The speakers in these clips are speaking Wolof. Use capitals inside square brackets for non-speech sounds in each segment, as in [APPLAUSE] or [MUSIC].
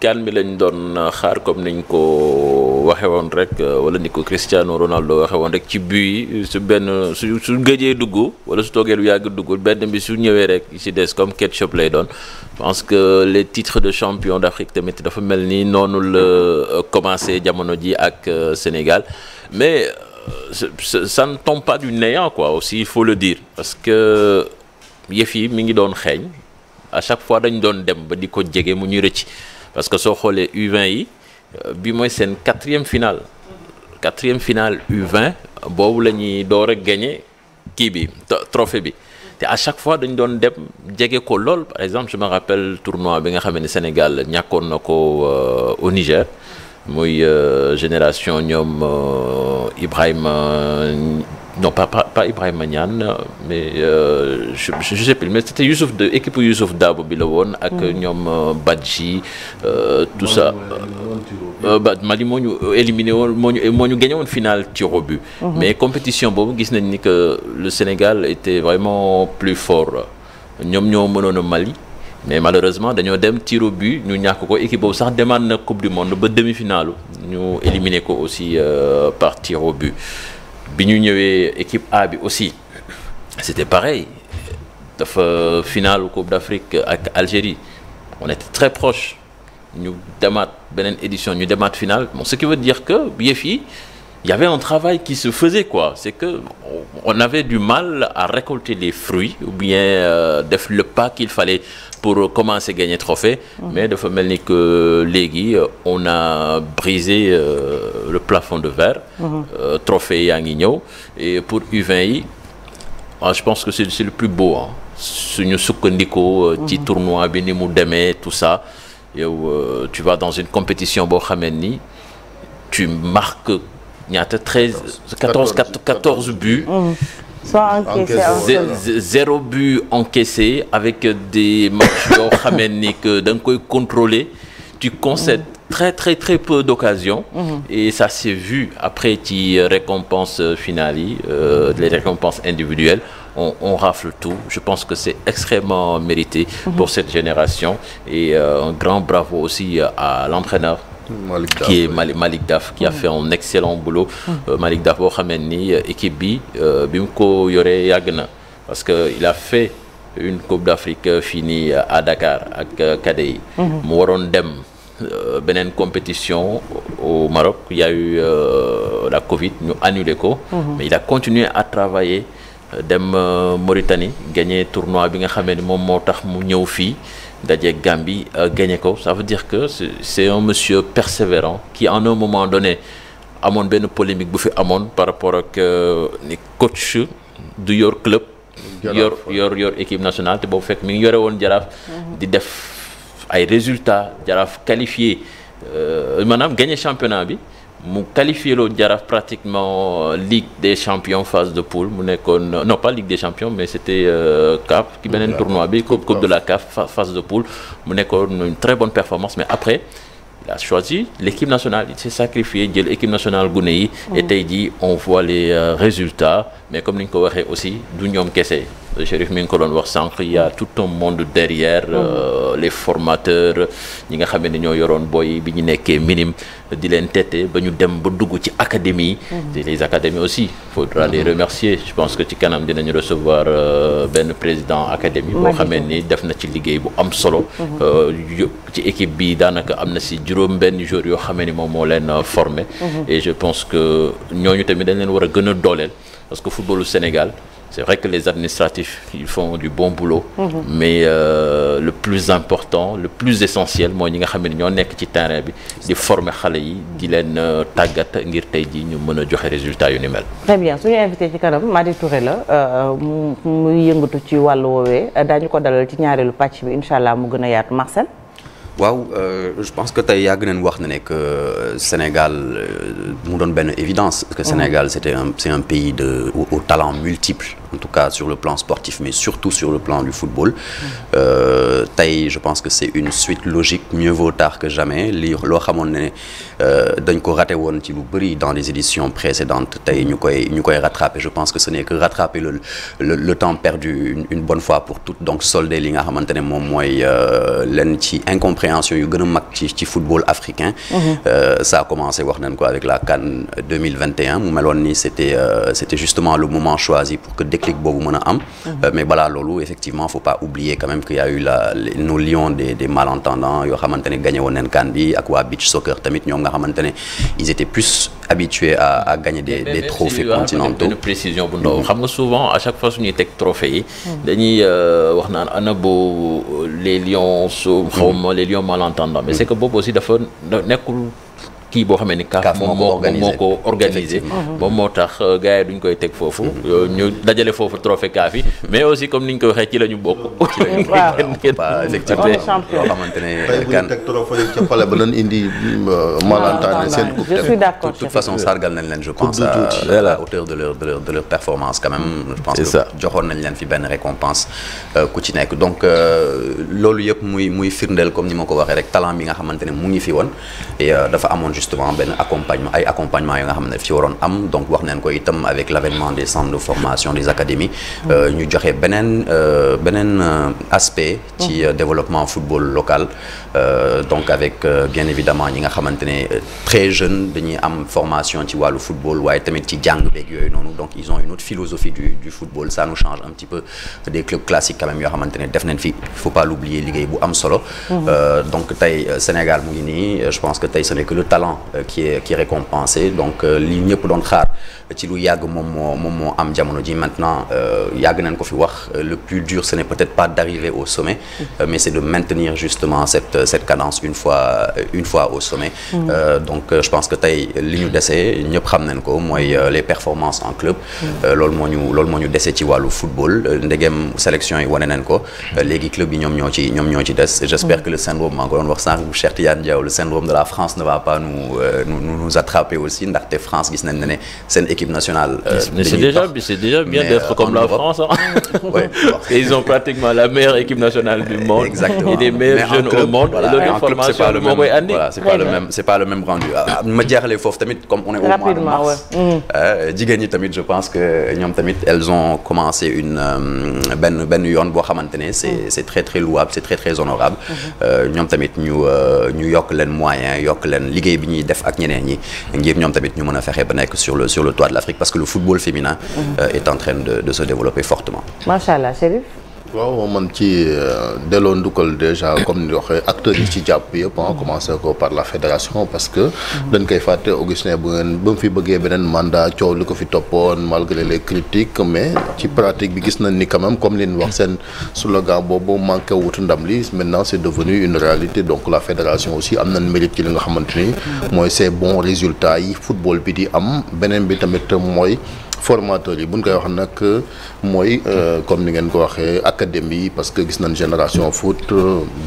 bi lañ doon xaar comme ni ñu ko waxe woon rek euh, wala ni ko Cristiano Ronaldo waxe woon rek ci but yi su benn su su gëjee dugg wala su toogee lu yàgg duggul benn bi su ñëwee rek ci des comme ketchup lay doon je pense que les titres de champion d'Afrique tamit dafa mel ni noonu la euh, commencé jamono ji ak euh, Sénégal mais ça ne tombe pas du néant quoi aussi il faut le dire parce que yëf yi mu ngi doon xeeñ a chaque fois dañu doon dem ba di ko jege mu ñuy rëcc parce que soo xoolee u yi euh, bi mooy seen quatrième finale quatrième finale u boobu la ñuy door a gagné kii bi trophée bi te à chaque fois dañ doon dem jege ko lool par exemple je me rappelle tournoi bi nga xam ne Sénégal ñàkkoon na ko euh, au Niger muy euh, génération ñoom Ibrahima. non pas pas, pas Ibrahima Niane mais euh, je, je je sais plus mais c'était équipe Youssouf Dabo bi la woon. ak mm. ñoom euh, Badji. Euh, tout ça euh, ba Mali moo ñu éliminé woon moo ñu moo ñu gagné woon finale mm-hmm. mais compétition boobu gis nañ ni que le Sénégal était vraiment plus fort ñoom ñoo mënoon a Mali. mais malheureusement dañoo dem tir au ñu ñàkk ko équipe boobu sax demaat na coupe du monde ba demi-finale ñu éliminé ko aussi par tir bi ñu ñëwee équipe A bi aussi c'était pareil dafa finale Coupe d'Afrique ak Algérie on était très proche ñu demaat beneen édition ñu demaat finale bon ce qui veut dire que yëf yi il y avait un travail qui se faisait quoi c'est que on avait du mal à récolter les fruits ou bien euh, def le pas qu'il fallait pour commencer à gagner trophée mmh. mais dafa mel ni que léegi euh, on a brisé euh, le plafond de verre mmh. euh, trophée yaa ngi ñëw et pour U20 yi ah, je pense que c'est le plus beau ah suñu sukkandikoo euh, ci mhm. tournoi bi ni mu demee tout ça yow euh, tu vas dans une compétition boo xamee ni tu marques ñaata treize quatorze quatorze buts. Mmh. sans encaissé zéro but encaissé avec des matchs yoo xamee ni que da nga koy contrôler tu concèdes mmh. très très très peu d'occasions mmh. et ça s'est vu après ci euh, récompense finale yi euh, les récompenses individuelles on on rafle tout je pense que c'est extrêmement mérité pour cette génération et euh, un grand bravo aussi à l'entraîneur Malick Daf qui est Mali Malick a mm. fait un excellent boulot. Mm. Euh, Malick Daf boo xamee ni euh, équipe bi euh, bi mu ko yoree yàgg na parce que il a fait une coupe d'Afrique fii nii à Dakar ak cadets mm-hmm. mu waroon dem. beneen compétition au Maroc il a eu euh, la Covid ñu annulé ko. Mm-hmm. mais il a continué à travailler dem Mauritanie gagné tournoi bi nga xamee ni moom moo tax mu ñëw fii. daje Gambie euh, gagné ko ça veut dire que c'est un monsieur persévérant qui en un moment donné amoon benn polémique bu fi amoon par rapport ak euh, ni coach du yor club. yor yor yor équipe nationale te boobu fekk mi ngi yore woon jaraaf. Mhm. di def ay résultats jaraaf qualifié euh, maanaam gagné championnat bi. mu qualifié loo jaraaf pratiquement euh, Ligue des champions phase de poule mu nekkoon euh, non pas Ligue des champions mais c'était euh, CAF ki beneen tournoi bi coupe coupe de la CAF phase de poule mu nekkoon une très bonne performance mais après il a choisi l'équipe nationale il s'est sacrifié jël équipe nationale Guinée mm. yi jii on voit les euh, résultats mais comme ni ñu ko waxee aussi du ñoom kese Chérif mi ngi ko doon wax sànq y a tout un monde derrière mm. euh, les formateurs ñi nga xam ne ñoo yoroon booy bi ñu nekkee minime di leen tete ba ñu dem ba dugg ci académie mm. te les académies aussi faudra les mm. remercier je pense que ci kanam dinañu recevoir euh, benn président académie boo xamee ni def na ci liggéey bu am solo mm-hmm. euh, ci équipe bi daanaka am na si juróom benn jour yoo xamee ni moom moo leen euh, formé mm-hmm. et je pense que ñooñu tamit dañ leen war a gën a dooleel parce que footballu Sénégal C'est vrai que les administratifs, ils font du bon boulot, mmh. mais euh, le plus important, le plus essentiel, mooy ñi nga xam ne ñoo nekk ci terrain bi di former xale yi di leen euh, tàggat ngir tey jii ñu mën a joxe résultat yu ni mel. très bien suñu invité ci kanam Madi Touré la euh, muy yëngatu ci wàllu woowee daañu ko dalal ci ñaareelu pàcc bi incha allah mu gën a yaatu Marcel. waaw euh, je pense que tey yàgg nañ wax na ne que Sénégal mu doon benn évidence que mhm. Sénégal c'était un c'est un pays au talent multiple en tout cas sur le plan sportif, mais surtout sur le plan du football. Euh, je pense que c'est une suite logique mieux vaut que jamais li loo xamoon euh, ko raté woon ci dans les éditions précédentes tey ñu koy ñu je pense que ce n'est que rattraper le le, le temps perdu une, une bonne fois pour toutes donc solder li nga xamante ne moom euh, incompréhension yu gën a mag football africain. Mhm. Euh, ça a commencé wax nañ ko avec la CAN 2021 mu c'était euh, technique boobu mën a am. Mhm. Euh, mais balaa loolu effectivement faut pas oublier quand même qu'il y a eu la lions des des malentendants yoo xamante ne woon nañ kan bi ak waa beach soccer tamit ñoom nga xamante ne ils plus habitués à gagner des des trophées bu ndaw mhm. xam souvent à chaque fois su ñuy teg trophée yi. Mhm. dañuy euh, wax naan ana boobu les lions. xaw les lions malentendants mais c'est que boobu aussi dafa nekkul. kii boo xamee ni CAF moom moo ko organisé moom moo tax euh, gars yi duñ koy teg foofu euh, ñu dajale foofu trophée CAF mais aussi comme ni niñ ko waxee ci la ñu bokk [LAUGHS] ci lañu effectivement ne kan teg trophée ca pale ba doon indi euh, malantaane seen coupe de toute façon sargal nañ leen je pense à la performance quand même je joxoon nañ leen fi benn récompense ku ci nekk donc loolu yëpp muy muy firndeel comme ni ma ko waxee rek talent bi nga xamante ne mu ngi fi woon et dafa amoon justement benn accompagnement ay accompagnement yi nga xam ne fi am wax neen ko itam avec l'avènement des centres de formation des académies mm. euh, ñu joxe beneen euh, euh, aspect ci mm. développement football local donc avec bien évidemment ñi nga xamante ne très jeunes dañuy am formation ci wàllu football waaye tamit ci jàng beeg yooyu noonu donc ils ont une autre philosophie du football ça nous change un petit peu des clubs classiques quand même yoo xamante ne def nañ fi faut pas bu am solo mm-hmm. talent euh, qui est qui est récompensé donc euh, li ñëpp doon xaar ci lu yàgg moom moo moom moo am jamono ji maintenant euh, yàgg nañ ko fi wax le plus dur ce n'est peut-être pas d'arriver au sommet mais c'est de maintenir justement cette cette cadence une fois une fois au sommet mm. donc je pense que tey li ñu dese ñëpp xam nañ ko mooy les performances en club mm. loolu moo ñu loolu moo ñu dese ci wàllu football ndegem sélection yi wane nañ ko léegi club yi ñoom ñoo ci ñoom ñoo ci des j'espère mm. que le syndrome maa ngi ko doon wax sànq bu Cheikh Tidiane Diaw le syndrome de la France ne va pas nous Euh, nous nu nous attraper aussi ndaxte France gis nañ ne équipe nationale. Euh, mais c'est euh, comme la France [LAUGHS] oui ils ont pratiquement la meilleure équipe nationale du monde. exactement et les monde. en club ah, ah, comme on est au mois de mars. Mm. jigéen ñi tamit je pense que ñoom tamit elles ont commencé une benn benn yoon boo xamante ne c'est mm. c'est très louable c'est très très honorable mm-hmm. ñoom tamit ñu ñu yokk leen moyen yokk leen liggéey bi. ñuy def ak ñeneen ñi ngir ñoom tamit ñu mën a fexe ba nekk sur le sur le toit de l'Afrique parce que le football féminin mhm. euh, est en train de de se développer fortement. macha allah Chérif waaw man ci euh, delloo ndukkal déjà comme ni waxee acteur yi ci jàpp yëpp a ah, commencé ko par la fédération parce que mhm. dañ koy fàtte Augustin bu ngeen ba mu fi bëggee beneen mandat coow li ko fi toppoon malgré le critiques mais ci pratique bi gis nañ ni quand même comme li ñu wax seen slogan boobu manqué wut ndam li maintenant c'est devenu une réalité donc la fédération aussi am na mérite ci li nga xamante ni mhm. mooy ces bon résultat yi football bi di am beneen bi tamit mooy formateurs yi buñ koy wax nag euh, mooy euh, comme ni ngeen ko waxee académie yi parce que gis nañ génération foot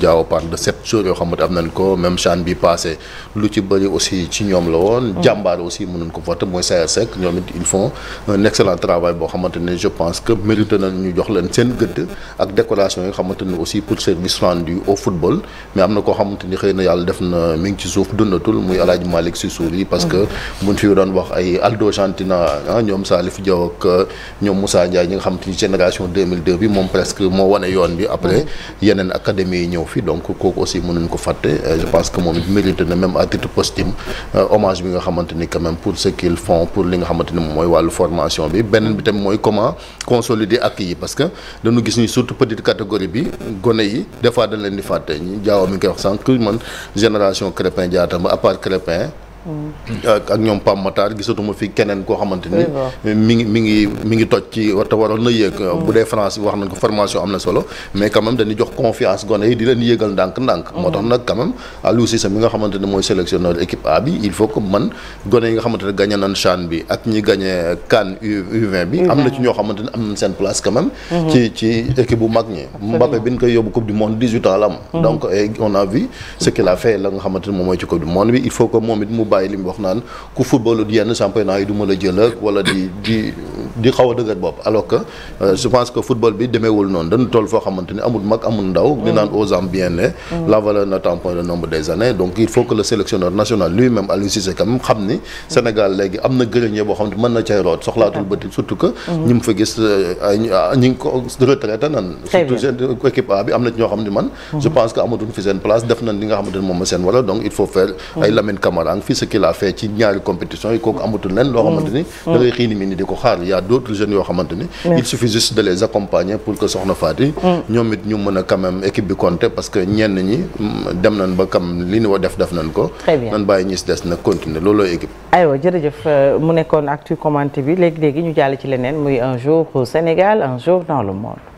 jaaw euh, par de sept jours yoo xamante am nañ ko même chan bi passé lu ci bëri aussi ci ñoom la woon mm. jàmbaar aussi mënuñ ko voter mooy CRSEC ñoom it ils font un excellent travail boo xamante ne je pense que mérité nañ ñu jox leen seen gëdd ak décoration yi xamante ne aussi pour service rendu au football mais am na koo xamante xëy na yàlla def na mi ngi ci suuf dundatul muy El Hadj Malick Sy parce mm. que buñ fi doon wax ay Aldo Gentina ah, ñoom sa Salif Diaw ak euh, ñoom Moussa Ndiaye ñi nga xam ni génération 2002 bi moom presque moo wane yoon bi après yeneen académie yi ñëw fi donc kooku aussi mënuñ ko fàtte euh, je pense que moom it mérite na même à titre posthume euh, bi nga xamante ni quand même pour ce qu'ils font pour li nga xamante ni moom mooy wàllu formation bi benn bi tamit mooy comment consolider ak yi parce que dañu gis ni surtout petite catégorie bi gone yi des fois dañ leen di fàtte ñu jaaw mi ngi koy wax sànq Mm. ak ak ñoom Pam gisatuma fi keneen koo xamante mi ngi mi ngi mi ngi toj ci te waroon na yéeg. Mm. bu dee France wax nañ formation am na solo mais quand même jox confiance gone yi di leen yéegal ndànk-ndànk. Mm. moo tax nag quand même Aliou Cissé nga xamante mooy A bi seen place quand mm-hmm. ci ci équipe bu mag ñi. Mbappé bi ñu koy yóbbu coupe du monde 18 am. Mm-hmm. donc on a ce qu'il a fait la nga xamante moom mooy ci coupe du monde bi il faut que moom it bàyyi li mu wax naan ku football yenn championnat yi du mën a jël ak wala di di di xaw a dëgër bopp alors que euh, je pense que football bi demeewul noonu dañu toll foo xamante ni mag amul ndaw di naan mm. aux ans bien nés mm. la valeur n'attend point le nombre des années donc il faut que le sélectionneur national lui-même Aliou Cissé quand même xam ni mm. Sénégal léegi am na gërëñee boo xam ne surtout euh, ah, équipe A bi am na ñoo xam ne man je fi seen place def nañ li nga xamante moom ma seen wala donc il faut faire ay Lamine Camara ngi da ngay xiini mi d'autres jeunes yoo xamante ni. il suffit juste de les accompagner pour que soxna Fati. Mm. ñoom it ñu mën a quand équipe bi compter parce que ñenn ñi mm, dem nañ ba kam li ñu def def nañ ko. très bien nan bàyyi ñi si des nag continuer looloo équipe. aywa jërëjëf euh, mu nekkoon actu commenté bi léegi léegi ñu jàll ci leneen muy un jour au Sénégal un jour dans le monde.